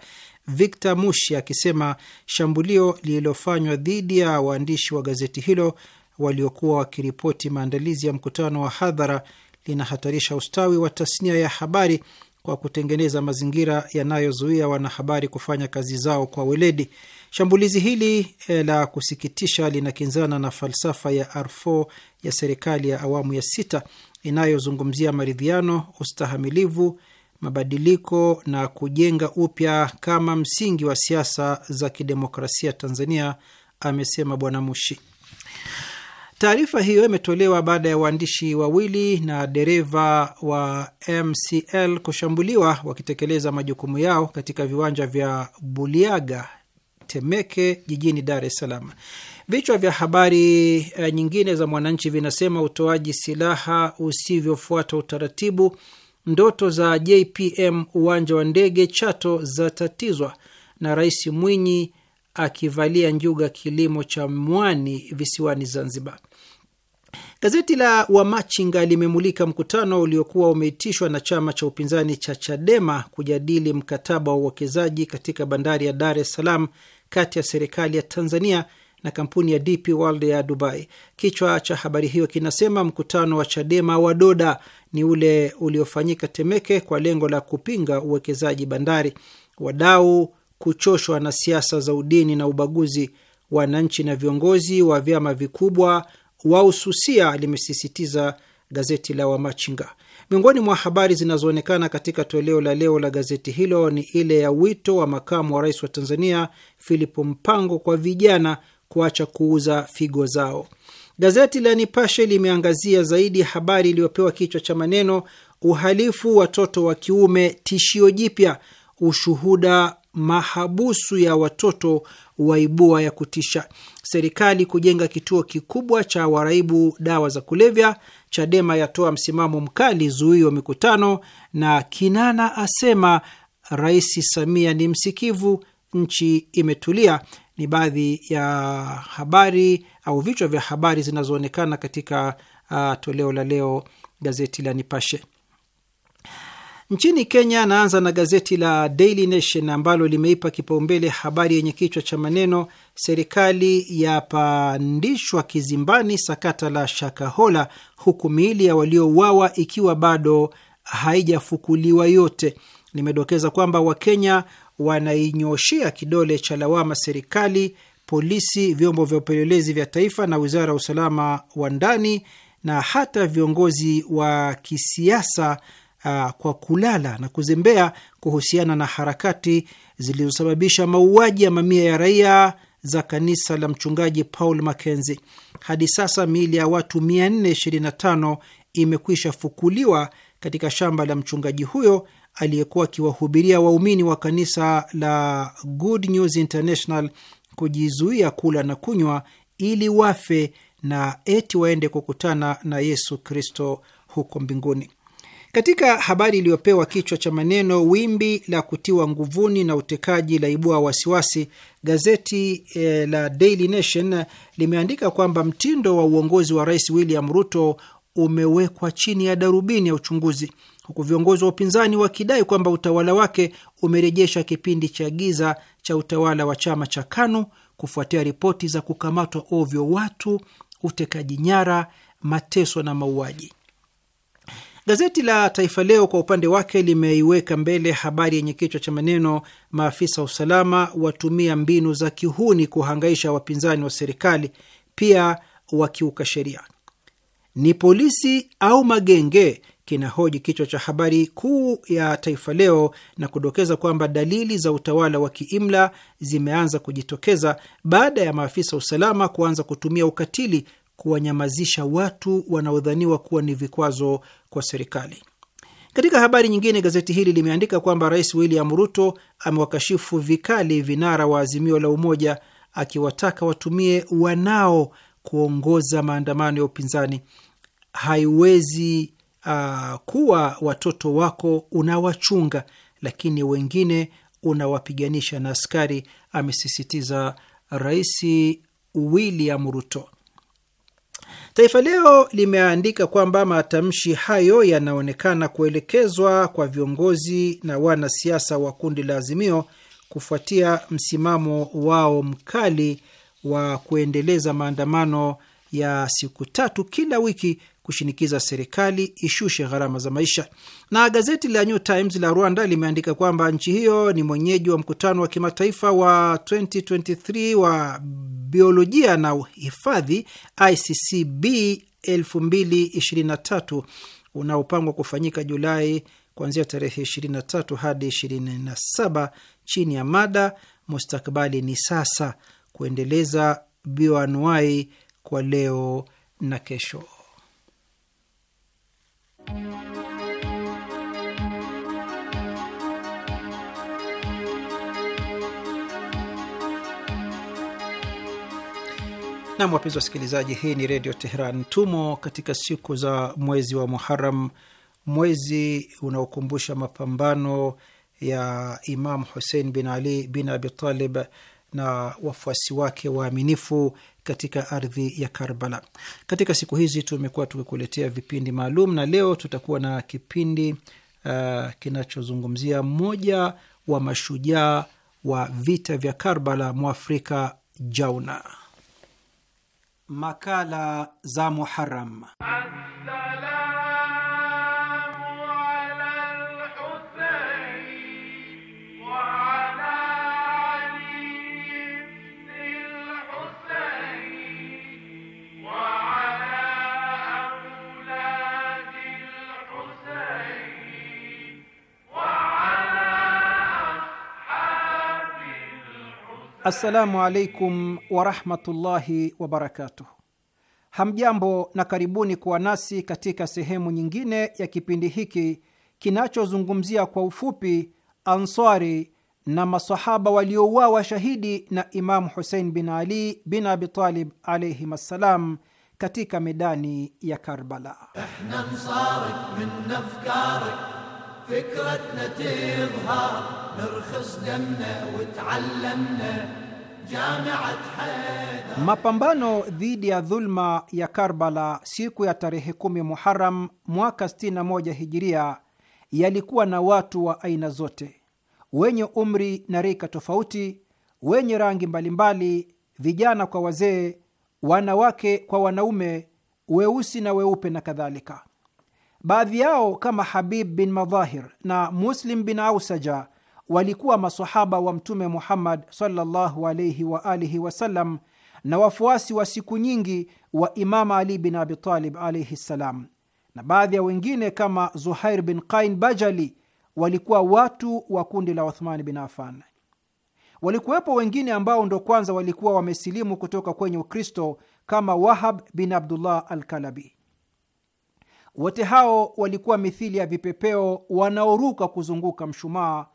Victor Mushi akisema shambulio lililofanywa dhidi ya waandishi wa gazeti hilo waliokuwa wakiripoti maandalizi ya mkutano wa hadhara linahatarisha ustawi wa tasnia ya habari kwa kutengeneza mazingira yanayozuia wanahabari kufanya kazi zao kwa weledi. Shambulizi hili eh, la kusikitisha linakinzana na falsafa ya R4 ya serikali ya awamu ya sita inayozungumzia maridhiano, ustahamilivu, mabadiliko na kujenga upya kama msingi wa siasa za kidemokrasia Tanzania, amesema Bwana Mushi. Taarifa hiyo imetolewa baada ya waandishi wawili na dereva wa MCL kushambuliwa wakitekeleza majukumu yao katika viwanja vya Buliaga Temeke jijini Dar es Salaam. Vichwa vya habari eh, nyingine za Mwananchi vinasema utoaji silaha usivyofuata utaratibu, ndoto za JPM uwanja wa ndege Chato zatatizwa, na Rais Mwinyi akivalia njuga kilimo cha mwani visiwani Zanzibar. Gazeti la Wamachinga limemulika mkutano uliokuwa umeitishwa na chama cha upinzani cha Chadema kujadili mkataba wa uwekezaji katika bandari ya Dar es Salaam kati ya serikali ya Tanzania na kampuni ya DP World ya Dubai. Kichwa cha habari hiyo kinasema mkutano wa Chadema wa Doda ni ule uliofanyika Temeke kwa lengo la kupinga uwekezaji bandari. Wadau kuchoshwa na siasa za udini na ubaguzi. Wananchi na viongozi wa vyama vikubwa waususia, limesisitiza gazeti la Wamachinga. Miongoni mwa habari zinazoonekana katika toleo la leo la gazeti hilo ni ile ya wito wa makamu wa rais wa Tanzania Philip Mpango kwa vijana kuacha kuuza figo zao. Gazeti la Nipashe limeangazia zaidi habari iliyopewa kichwa cha maneno uhalifu watoto wa kiume tishio jipya, ushuhuda mahabusu ya watoto waibua ya kutisha. Serikali kujenga kituo kikubwa cha waraibu dawa za kulevya. Chadema yatoa msimamo mkali zuio mikutano, na Kinana asema Rais Samia ni msikivu, nchi imetulia. Ni baadhi ya habari au vichwa vya habari zinazoonekana katika uh, toleo la leo gazeti la Nipashe. Nchini Kenya, naanza na gazeti la Daily Nation ambalo limeipa kipaumbele habari yenye kichwa cha maneno serikali yapandishwa kizimbani sakata la Shakahola, huku miili ya waliouawa ikiwa bado haijafukuliwa yote. Limedokeza kwamba Wakenya wanainyoshea kidole cha lawama serikali, polisi, vyombo vya upelelezi vya taifa na wizara ya usalama wa ndani na hata viongozi wa kisiasa uh, kwa kulala na kuzembea kuhusiana na harakati zilizosababisha mauaji ya mamia ya raia za kanisa la mchungaji Paul Mackenzie. Hadi sasa miili ya watu 425 imekwisha fukuliwa katika shamba la mchungaji huyo aliyekuwa akiwahubiria waumini wa kanisa la Good News International kujizuia kula na kunywa ili wafe na eti waende kukutana na Yesu Kristo huko mbinguni. Katika habari iliyopewa kichwa cha maneno wimbi la kutiwa nguvuni na utekaji la ibua wasiwasi, gazeti eh, la Daily Nation limeandika kwamba mtindo wa uongozi wa Rais William Ruto umewekwa chini ya darubini ya uchunguzi, huku viongozi wa upinzani wakidai kwamba utawala wake umerejesha kipindi cha giza cha utawala wa chama cha KANU kufuatia ripoti za kukamatwa ovyo watu, utekaji nyara, mateso na mauaji. Gazeti la Taifa Leo kwa upande wake limeiweka mbele habari yenye kichwa cha maneno maafisa wa usalama watumia mbinu za kihuni kuhangaisha wapinzani wa serikali, pia wakiuka sheria. Ni polisi au magenge? Kinahoji kichwa cha habari kuu ya Taifa Leo na kudokeza kwamba dalili za utawala wa kiimla zimeanza kujitokeza baada ya maafisa usalama kuanza kutumia ukatili kuwanyamazisha watu wanaodhaniwa kuwa ni vikwazo kwa serikali. Katika habari nyingine, gazeti hili limeandika kwamba Rais William Ruto amewakashifu vikali vinara wa Azimio la Umoja, akiwataka watumie wanao kuongoza maandamano ya upinzani. Haiwezi uh, kuwa watoto wako unawachunga, lakini wengine unawapiganisha na askari, amesisitiza Rais William Ruto. Taifa Leo limeandika kwamba matamshi hayo yanaonekana kuelekezwa kwa viongozi na wanasiasa wa kundi la Azimio kufuatia msimamo wao mkali wa kuendeleza maandamano ya siku tatu kila wiki kushinikiza serikali ishushe gharama za maisha. Na gazeti la New Times la Rwanda limeandika kwamba nchi hiyo ni mwenyeji wa mkutano wa kimataifa wa 2023 wa biolojia na uhifadhi ICCB 2023 unaopangwa kufanyika Julai kuanzia tarehe 23 hadi 27 chini ya mada mustakabali ni sasa, kuendeleza bioanuai kwa leo na kesho. Nam, wapenzi wasikilizaji, hii ni Redio Teheran. Tumo katika siku za mwezi wa Muharam, mwezi unaokumbusha mapambano ya Imam Husein bin Ali bin Abi Talib na wafuasi wake waaminifu katika ardhi ya Karbala. Katika siku hizi tumekuwa tukikuletea vipindi maalum, na leo tutakuwa na kipindi uh, kinachozungumzia mmoja wa mashujaa wa vita vya Karbala, Mwafrika Jauna. Makala za Muharam. Assalam. Assalamu alaikum warahmatullahi wabarakatuh. Hamjambo na karibuni kuwa nasi katika sehemu nyingine ya kipindi hiki kinachozungumzia kwa ufupi Ansari na masahaba waliouawa shahidi na Imamu Husein bin Ali bin Abitalib alaihim assalam katika medani ya Karbala. نرخص دمنا وتعلمنا حيدر. Mapambano dhidi ya dhulma ya Karbala siku ya tarehe kumi Muharam mwaka 61 Hijiria yalikuwa na watu wa aina zote, wenye umri na rika tofauti, wenye rangi mbalimbali, vijana kwa wazee, wanawake kwa wanaume, weusi na weupe na kadhalika. Baadhi yao kama Habib bin Madhahir na Muslim bin Ausaja walikuwa masahaba wa Mtume Muhammad sallallahu alaihi wa alihi wasallam na wafuasi wa siku nyingi wa Imama Ali bin Abitalib alaihi ssalam, na baadhi ya wengine kama Zuhair bin Qain Bajali walikuwa watu wa kundi la Uthmani bin Afan. Walikuwepo wengine ambao ndo kwanza walikuwa wamesilimu kutoka kwenye Ukristo kama Wahab bin Abdullah Alkalabi. Wote hao walikuwa mithili ya vipepeo wanaoruka kuzunguka mshumaa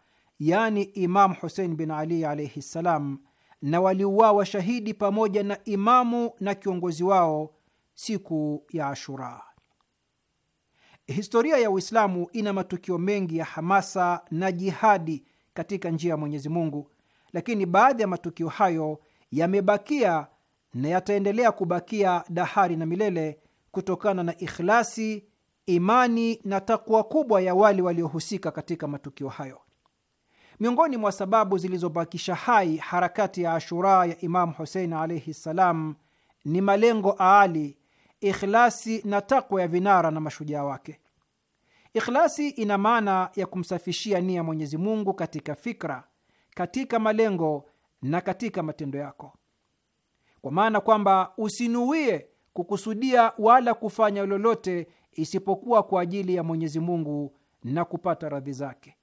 yaani Imamu Husein bin Ali alaihi ssalam, na waliuawa shahidi pamoja na imamu na kiongozi wao siku ya Ashura. Historia ya Uislamu ina matukio mengi ya hamasa na jihadi katika njia ya Mwenyezi Mungu, lakini baadhi ya matukio hayo yamebakia na yataendelea kubakia dahari na milele kutokana na ikhlasi, imani na takwa kubwa ya wale waliohusika katika matukio hayo. Miongoni mwa sababu zilizobakisha hai harakati ya Ashura ya Imamu Husein alaihi ssalam ni malengo aali, ikhlasi na takwa ya vinara na mashujaa wake. Ikhlasi ina maana ya kumsafishia nia Mwenyezi Mungu katika fikra, katika malengo na katika matendo yako, kwa maana kwamba usinuie kukusudia wala kufanya lolote isipokuwa kwa ajili ya Mwenyezi Mungu na kupata radhi zake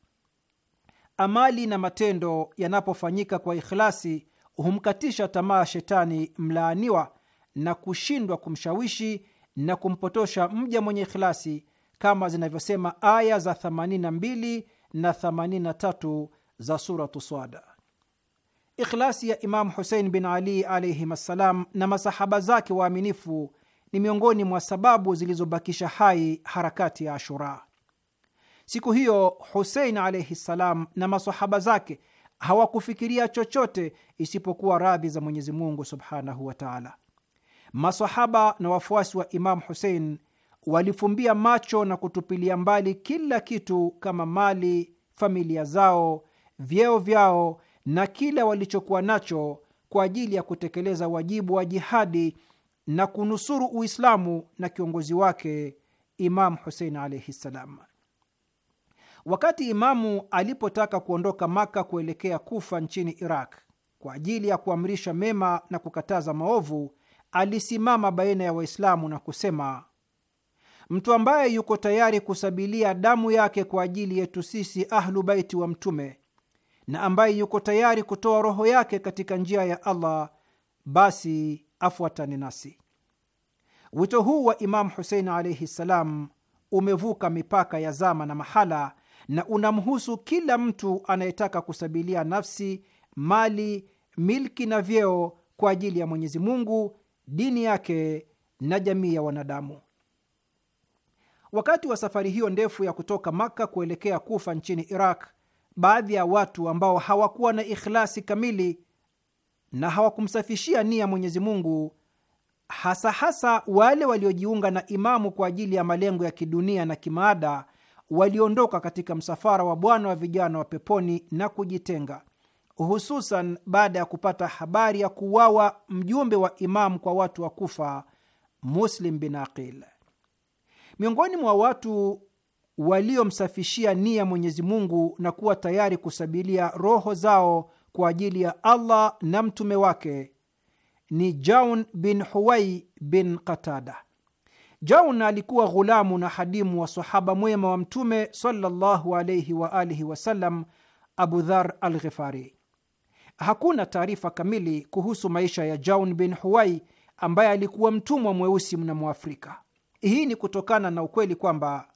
amali na matendo yanapofanyika kwa ikhlasi humkatisha tamaa shetani mlaaniwa na kushindwa kumshawishi na kumpotosha mja mwenye ikhlasi kama zinavyosema aya za 82 na 83 za Suratu Swada. Ikhlasi ya Imamu Husein bin Ali alaihim assalam na masahaba zake waaminifu ni miongoni mwa sababu zilizobakisha hai harakati ya Ashura. Siku hiyo Husein alaihi ssalam na masahaba zake hawakufikiria chochote isipokuwa radhi za Mwenyezi Mungu subhanahu wa taala. Masahaba na wafuasi wa Imamu Husein walifumbia macho na kutupilia mbali kila kitu kama mali, familia zao, vyeo vyao na kila walichokuwa nacho kwa ajili ya kutekeleza wajibu wa jihadi na kunusuru Uislamu na kiongozi wake Imamu Husein alaihi ssalam. Wakati Imamu alipotaka kuondoka Maka kuelekea Kufa nchini Iraq kwa ajili ya kuamrisha mema na kukataza maovu, alisimama baina ya Waislamu na kusema, mtu ambaye yuko tayari kusabilia damu yake kwa ajili yetu sisi Ahlu Baiti wa Mtume na ambaye yuko tayari kutoa roho yake katika njia ya Allah, basi afuatane nasi. Wito huu wa Imamu Husein alaihi ssalam umevuka mipaka ya zama na mahala na unamhusu kila mtu anayetaka kusabilia nafsi, mali, milki na vyeo kwa ajili ya Mwenyezi Mungu, dini yake na jamii ya wanadamu. Wakati wa safari hiyo ndefu ya kutoka Makka kuelekea Kufa nchini Iraq, baadhi ya watu ambao hawakuwa na ikhlasi kamili na hawakumsafishia nia Mwenyezi Mungu, hasa hasa wale waliojiunga na Imamu kwa ajili ya malengo ya kidunia na kimaada waliondoka katika msafara wa Bwana wa vijana wa peponi na kujitenga, hususan baada ya kupata habari ya kuuawa mjumbe wa Imamu kwa watu wa Kufa, Muslim bin Aqil. Miongoni mwa watu waliomsafishia nia Mwenyezi Mungu na kuwa tayari kusabilia roho zao kwa ajili ya Allah na mtume wake ni Jaun bin Huwai bin Qatada. Jauna alikuwa ghulamu na hadimu wa sahaba mwema wa Mtume sallallahu alayhi wa alihi wasallam, Abu Dhar al Ghifari. Hakuna taarifa kamili kuhusu maisha ya Jaun bin Huwai ambaye alikuwa mtumwa mweusi mna Mwafrika. Hii ni kutokana na ukweli kwamba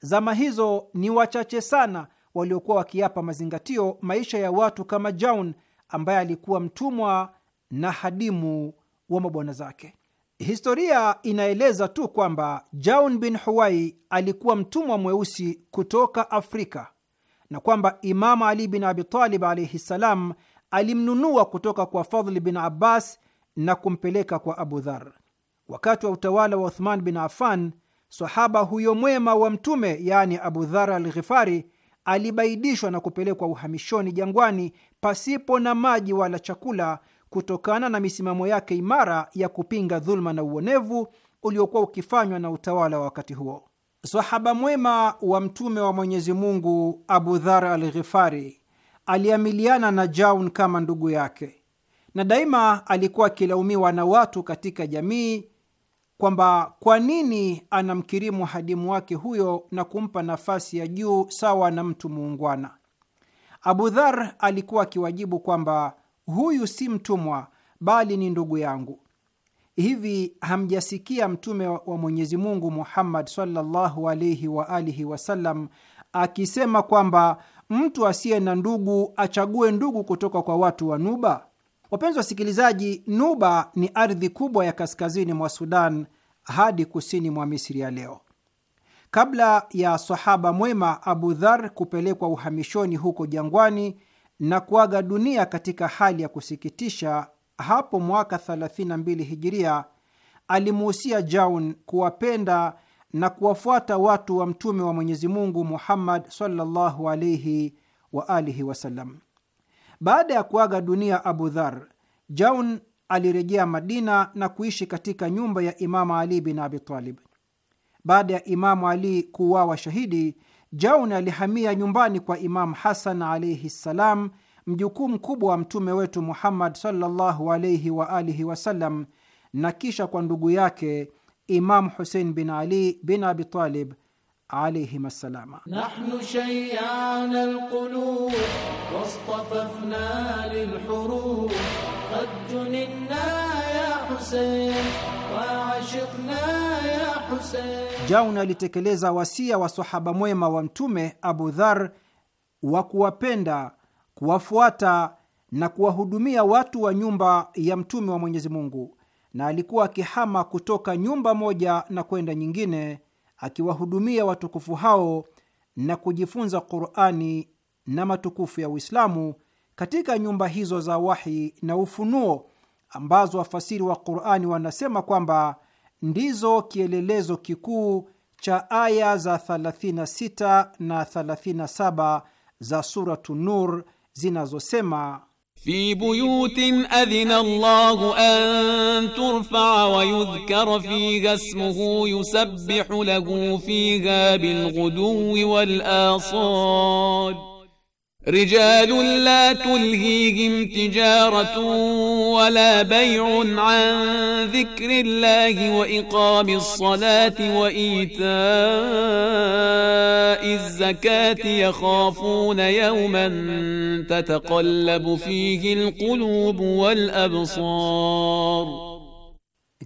zama hizo ni wachache sana waliokuwa wakiapa mazingatio maisha ya watu kama Jaun ambaye alikuwa mtumwa na hadimu wa mabwana zake. Historia inaeleza tu kwamba Jaun bin Huwai alikuwa mtumwa mweusi kutoka Afrika na kwamba Imamu Ali bin Abitalib alaihi ssalam alimnunua kutoka kwa Fadhli bin Abbas na kumpeleka kwa Abu Dhar. Wakati wa utawala wa Uthman bin Affan, sahaba huyo mwema wa Mtume, yaani Abu Dhar al Ghifari, alibaidishwa na kupelekwa uhamishoni jangwani pasipo na maji wala chakula kutokana na misimamo yake imara ya kupinga dhuluma na uonevu uliokuwa ukifanywa na utawala wa wakati huo. Sahaba mwema wa Mtume wa Mwenyezi Mungu Abu Dhar al Ghifari aliamiliana na Jaun kama ndugu yake, na daima alikuwa akilaumiwa na watu katika jamii kwamba kwa nini anamkirimu hadimu wake huyo na kumpa nafasi ya juu sawa na mtu muungwana. Abu Dhar alikuwa akiwajibu kwamba huyu si mtumwa, bali ni ndugu yangu. Hivi hamjasikia Mtume wa Mwenyezi Mungu Muhammad sallallahu alaihi wa alihi wasallam akisema kwamba mtu asiye na ndugu achague ndugu kutoka kwa watu wa Nuba? Wapenzi wasikilizaji, Nuba ni ardhi kubwa ya kaskazini mwa Sudan hadi kusini mwa Misri ya leo. Kabla ya sahaba mwema Abu Dhar kupelekwa uhamishoni huko jangwani, na kuaga dunia katika hali ya kusikitisha hapo mwaka 32 hijiria, alimuhusia Jaun kuwapenda na kuwafuata watu wa mtume wa Mwenyezi Mungu Muhammad sallallahu alaihi wa alihi wasallam. Baada ya kuaga dunia Abu Dhar, Jaun alirejea Madina na kuishi katika nyumba ya Imamu Ali bin Abi Talib. Baada ya Imamu Ali kuuawa shahidi Jaun alihamia nyumbani kwa Imamu Hasan alaihi ssalam, mjukuu mkubwa wa mtume wetu Muhammad sallallahu alaihi wa alihi wasallam, na kisha kwa ndugu yake Imam Husein bin Ali bin Abitalib alaihim assalama. Nahnu shayana alqulub wastafafna lilhurub qad junina ya Husein Jaun alitekeleza wasia wa sahaba mwema wa Mtume Abu Dhar wa kuwapenda, kuwafuata na kuwahudumia watu wa nyumba ya Mtume wa Mwenyezi Mungu, na alikuwa akihama kutoka nyumba moja na kwenda nyingine, akiwahudumia watukufu hao na kujifunza Qurani na matukufu ya Uislamu katika nyumba hizo za wahi na ufunuo ambazo wafasiri wa Qurani wanasema kwamba ndizo kielelezo kikuu cha aya za 36 na 37 za Suratu Nur zinazosema fi buyutin adhina Allahu an turfaa wa yudhkara fiha ismuhu yusabbihu lahu fiha bilghuduwi wal asal Rijalun la tulhihim tijaratun wala bay'un an dhikrillahi wa iqamis salati wa ita'iz zakati yakhafuna yawman tataqallabu fihi alqulubu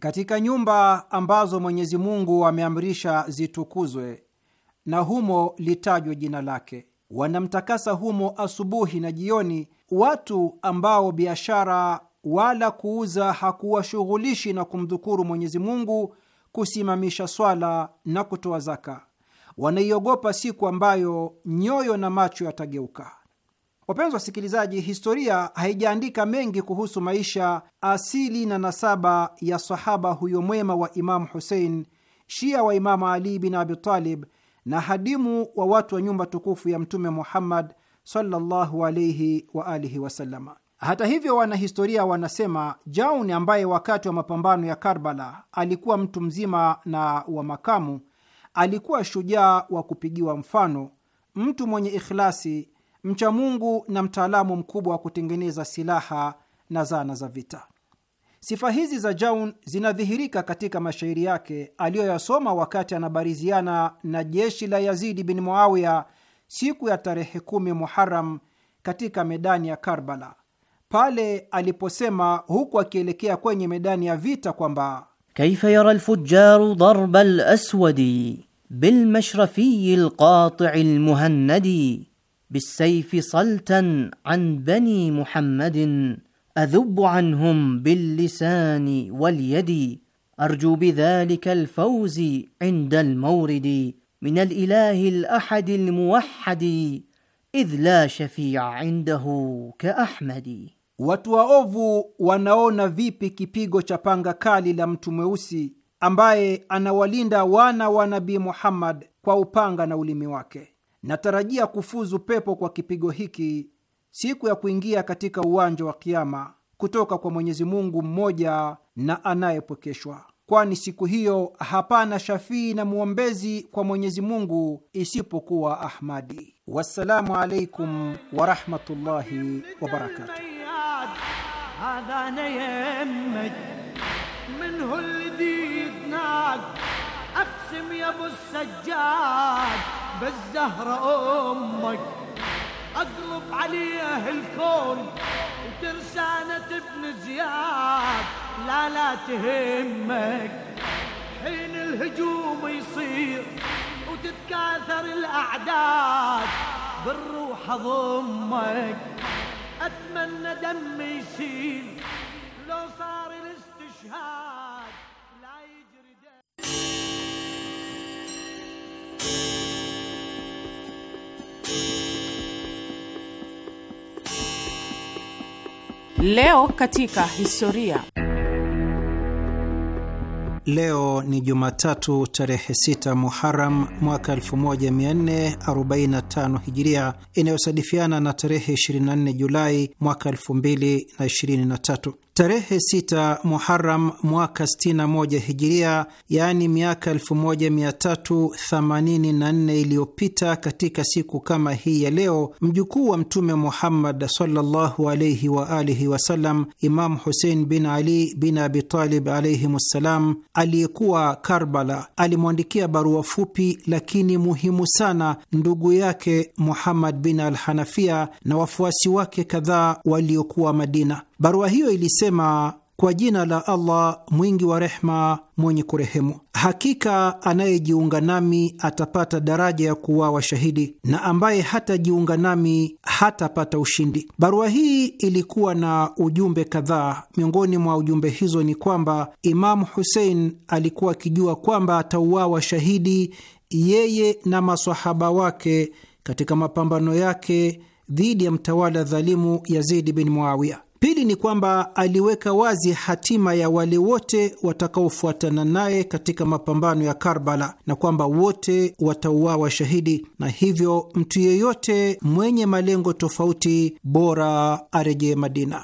katika nyumba ambazo Mwenyezi Mungu ameamrisha zitukuzwe na humo litajwe jina lake wanamtakasa humo asubuhi na jioni, watu ambao biashara wala kuuza hakuwashughulishi na kumdhukuru Mwenyezi Mungu, kusimamisha swala na kutoa zaka. Wanaiogopa siku ambayo nyoyo na macho yatageuka. Wapenzi wasikilizaji, historia haijaandika mengi kuhusu maisha, asili na nasaba ya sahaba huyo mwema wa Imamu Husein, shia wa Imamu Ali bin Abi Talib na hadimu wa watu wa nyumba tukufu ya Mtume Muhammad sallallahu alaihi wa alihi wasallama. Hata hivyo, wanahistoria wanasema Jaun ambaye wakati wa mapambano ya Karbala alikuwa mtu mzima na wa makamu, alikuwa shujaa wa kupigiwa mfano, mtu mwenye ikhlasi, mcha Mungu na mtaalamu mkubwa wa kutengeneza silaha na zana za vita. Sifa hizi za Jaun zinadhihirika katika mashairi yake aliyoyasoma wakati anabariziana na jeshi la Yazidi bin Muawiya siku ya tarehe kumi Muharam katika medani ya Karbala, pale aliposema huku akielekea kwenye medani ya vita kwamba kaifa yara lfujaru darba laswadi bilmashrafiyi lqatii lmuhannadi bisaifi saltan an bani muhammadin أذب عنهم باللسان واليد أرجو بذلك الفوز عند المورد من الإله الأحد الموحد idh la shafia indahu ka Watu waovu wanaona vipi kipigo cha panga kali la mtu mweusi ambaye anawalinda wana wa Nabii Muhammad kwa upanga na ulimi wake. Natarajia kufuzu pepo kwa kipigo hiki siku ya kuingia katika uwanja wa Kiama kutoka kwa Mwenyezi Mungu mmoja na anayepwekeshwa, kwani siku hiyo hapana shafii na mwombezi kwa Mwenyezi Mungu isipokuwa Ahmadi. Wassalamu alaikum warahmatullahi wabarakatuh. اقلب عليه الكون وترسانة ابن زياد لا لا تهمك حين الهجوم يصير وتتكاثر الاعداد بالروح اضمك اتمنى دمي يسيل لو صار الاستشهاد Leo katika historia. Leo ni Jumatatu tarehe 6 Muharam mwaka 1445 Hijiria, inayosadifiana na tarehe 24 Julai mwaka 2023. Tarehe 6 Muharam mwaka 61 Hijiria, yaani miaka 1384 iliyopita, katika siku kama hii ya leo, mjukuu wa Mtume Muhammad sallallahu alaihi wa alihi wasallam, Imamu Husein bin Ali bin Abitalib alaihim ssalam, aliyekuwa Karbala, alimwandikia barua fupi lakini muhimu sana ndugu yake Muhammad bin Alhanafia na wafuasi wake kadhaa waliokuwa Madina. Barua hiyo ilisema: kwa jina la Allah mwingi wa rehma, mwenye kurehemu. Hakika anayejiunga nami atapata daraja ya kuwawa shahidi, na ambaye hatajiunga nami hatapata ushindi. Barua hii ilikuwa na ujumbe kadhaa. Miongoni mwa ujumbe hizo ni kwamba Imamu Husein alikuwa akijua kwamba atauawa shahidi yeye na masahaba wake katika mapambano yake dhidi ya mtawala dhalimu Yazidi bin Muawiya. Pili ni kwamba aliweka wazi hatima ya wale wote watakaofuatana naye katika mapambano ya Karbala na kwamba wote watauawa shahidi, na hivyo mtu yeyote mwenye malengo tofauti bora arejee Madina.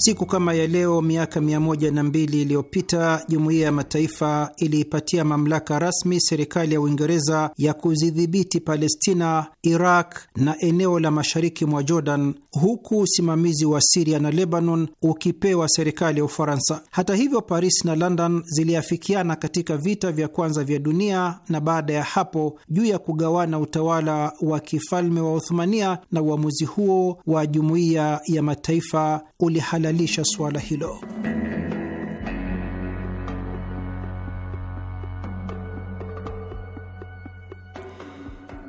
Siku kama ya leo miaka mia moja na mbili iliyopita jumuiya ya mataifa iliipatia mamlaka rasmi serikali ya Uingereza ya kuzidhibiti Palestina, Iraq na eneo la mashariki mwa Jordan, huku usimamizi wa Siria na Lebanon ukipewa serikali ya Ufaransa. Hata hivyo, Paris na London ziliafikiana katika vita vya kwanza vya dunia na baada ya hapo juu ya kugawana utawala wa kifalme wa Uthmania, na uamuzi huo wa jumuiya ya mataifa ulihala kuhalalisha suala hilo.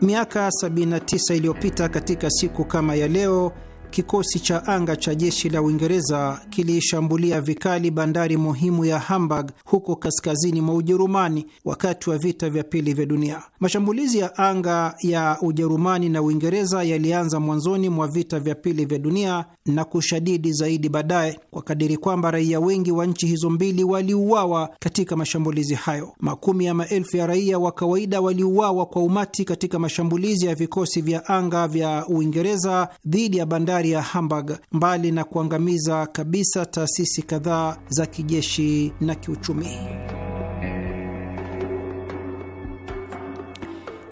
Miaka 79 iliyopita katika siku kama ya leo kikosi cha anga cha jeshi la Uingereza kiliishambulia vikali bandari muhimu ya Hamburg huko kaskazini mwa Ujerumani wakati wa vita vya pili vya dunia. Mashambulizi ya anga ya Ujerumani na Uingereza yalianza mwanzoni mwa vita vya pili vya dunia na kushadidi zaidi baadaye, kwa kadiri kwamba raia wengi wa nchi hizo mbili waliuawa katika mashambulizi hayo. Makumi ya maelfu ya raia wa kawaida waliuawa kwa umati katika mashambulizi ya vikosi vya anga vya Uingereza dhidi ya bandari bandari ya Hamburg, mbali na kuangamiza kabisa taasisi kadhaa za kijeshi na kiuchumi.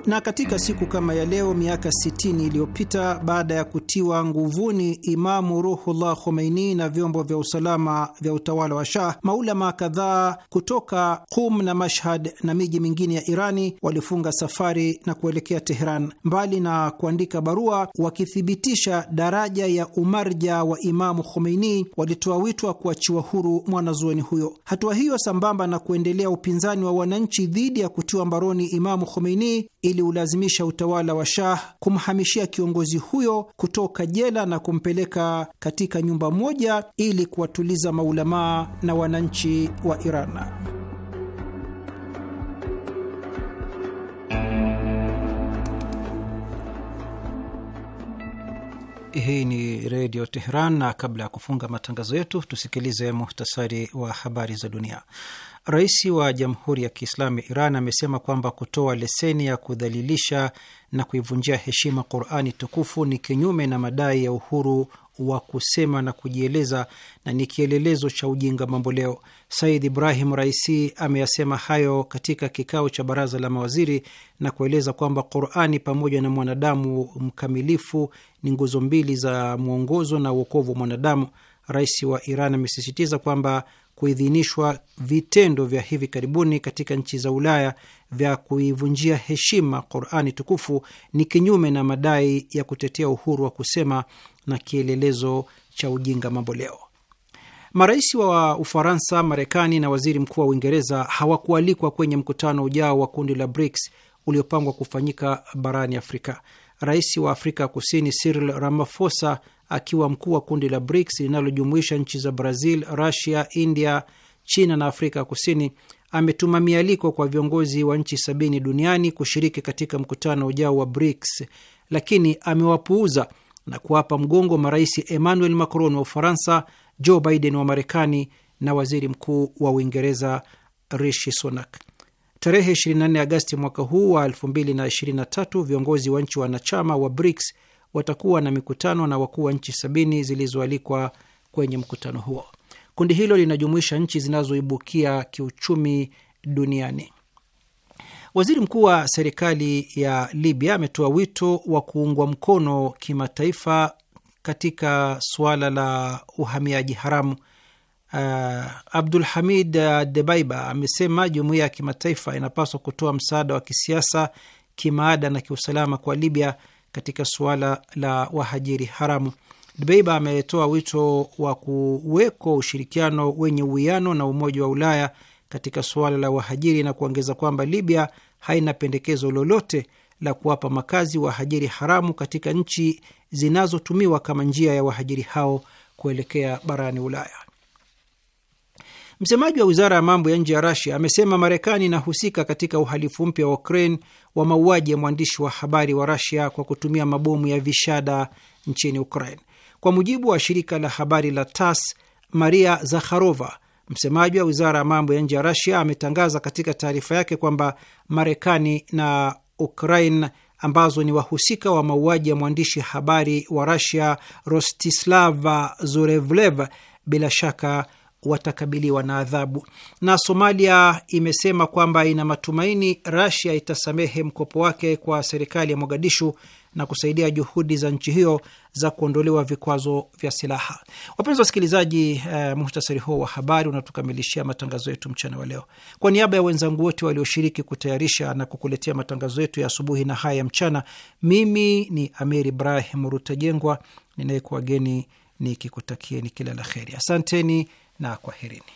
Na katika siku kama ya leo miaka 60 iliyopita, baada ya kutiwa nguvuni Imamu Ruhullah Khomeini na vyombo vya usalama vya utawala wa Shah, maulama kadhaa kutoka Qum na Mashhad na miji mingine ya Irani walifunga safari na kuelekea Teheran, mbali na kuandika barua wakithibitisha daraja ya umarja wa Imamu Khomeini, walitoa wito wa kuachiwa huru mwanazuoni huyo. Hatua hiyo sambamba na kuendelea upinzani wa wananchi dhidi ya kutiwa mbaroni Imamu Khomeini iliulazimisha utawala wa Shah kumhamishia kiongozi huyo kutoka jela na kumpeleka katika nyumba moja ili kuwatuliza maulamaa na wananchi wa Iran. Hii ni Redio Teheran, na kabla ya kufunga matangazo yetu tusikilize muhtasari wa habari za dunia. Rais wa Jamhuri ya Kiislamu ya Iran amesema kwamba kutoa leseni ya kudhalilisha na kuivunjia heshima Qurani tukufu ni kinyume na madai ya uhuru wa kusema na kujieleza na ni kielelezo cha ujinga mamboleo. Said Ibrahim Raisi ameyasema hayo katika kikao cha baraza la mawaziri na kueleza kwamba Qurani pamoja na mwanadamu mkamilifu ni nguzo mbili za mwongozo na uokovu wa mwanadamu. Rais wa Iran amesisitiza kwamba kuidhinishwa vitendo vya hivi karibuni katika nchi za Ulaya vya kuivunjia heshima Qurani tukufu ni kinyume na madai ya kutetea uhuru wa kusema na kielelezo cha ujinga mambo leo. Marais wa Ufaransa, Marekani na waziri mkuu wa Uingereza hawakualikwa kwenye mkutano ujao wa kundi la BRICS uliopangwa kufanyika barani Afrika. Rais wa Afrika Kusini Cyril Ramaphosa akiwa mkuu wa kundi la BRICS linalojumuisha nchi za Brazil, Rusia, India, China na Afrika Kusini, ametuma mialiko kwa viongozi wa nchi sabini duniani kushiriki katika mkutano ujao wa BRICS, lakini amewapuuza na kuwapa mgongo marais Emmanuel Macron wa Ufaransa, Joe Biden wa Marekani na waziri mkuu wa Uingereza Rishi Sunak. Tarehe 24 Agasti mwaka huu wa 2023 viongozi wa nchi wanachama wa BRICS watakuwa na mikutano na wakuu wa nchi sabini zilizoalikwa kwenye mkutano huo. Kundi hilo linajumuisha nchi zinazoibukia kiuchumi duniani. Waziri mkuu wa serikali ya Libya ametoa wito wa kuungwa mkono kimataifa katika suala la uhamiaji haramu. Uh, Abdul Hamid uh, Debaiba amesema jumuiya ya kimataifa inapaswa kutoa msaada wa kisiasa, kimaada na kiusalama kwa Libya katika suala la wahajiri haramu. Dbeiba ametoa wito wa kuweko ushirikiano wenye uwiano na Umoja wa Ulaya katika suala la wahajiri na kuongeza kwamba Libya haina pendekezo lolote la kuwapa makazi wahajiri haramu katika nchi zinazotumiwa kama njia ya wahajiri hao kuelekea barani Ulaya. Msemaji wa wizara ya mambo ya nje ya Rasia amesema Marekani inahusika katika uhalifu mpya wa Ukraine wa mauaji ya mwandishi wa habari wa Rasia kwa kutumia mabomu ya vishada nchini Ukraine. Kwa mujibu wa shirika la habari la tas Maria Zakharova, msemaji wa wizara ya mambo ya nje ya Rasia, ametangaza katika taarifa yake kwamba Marekani na Ukraine ambazo ni wahusika wa mauaji ya mwandishi habari wa Rasia Rostislav Zurevlev bila shaka watakabiliwa na adhabu. Na Somalia imesema kwamba ina matumaini Rasia itasamehe mkopo wake kwa serikali ya Mogadishu na kusaidia juhudi za nchi hiyo za kuondolewa vikwazo vya silaha. Wapenzi wasikilizaji, eh, muhtasari huo wa habari unatukamilishia matangazo yetu mchana wa leo. Kwa niaba ya wenzangu wote walioshiriki kutayarisha na kukuletea matangazo yetu ya asubuhi na haya ya mchana, mimi ni Amir Ibrahim Rutajengwa ninayekuwageni nikikutakieni kila la heri. Asanteni na kwaherini.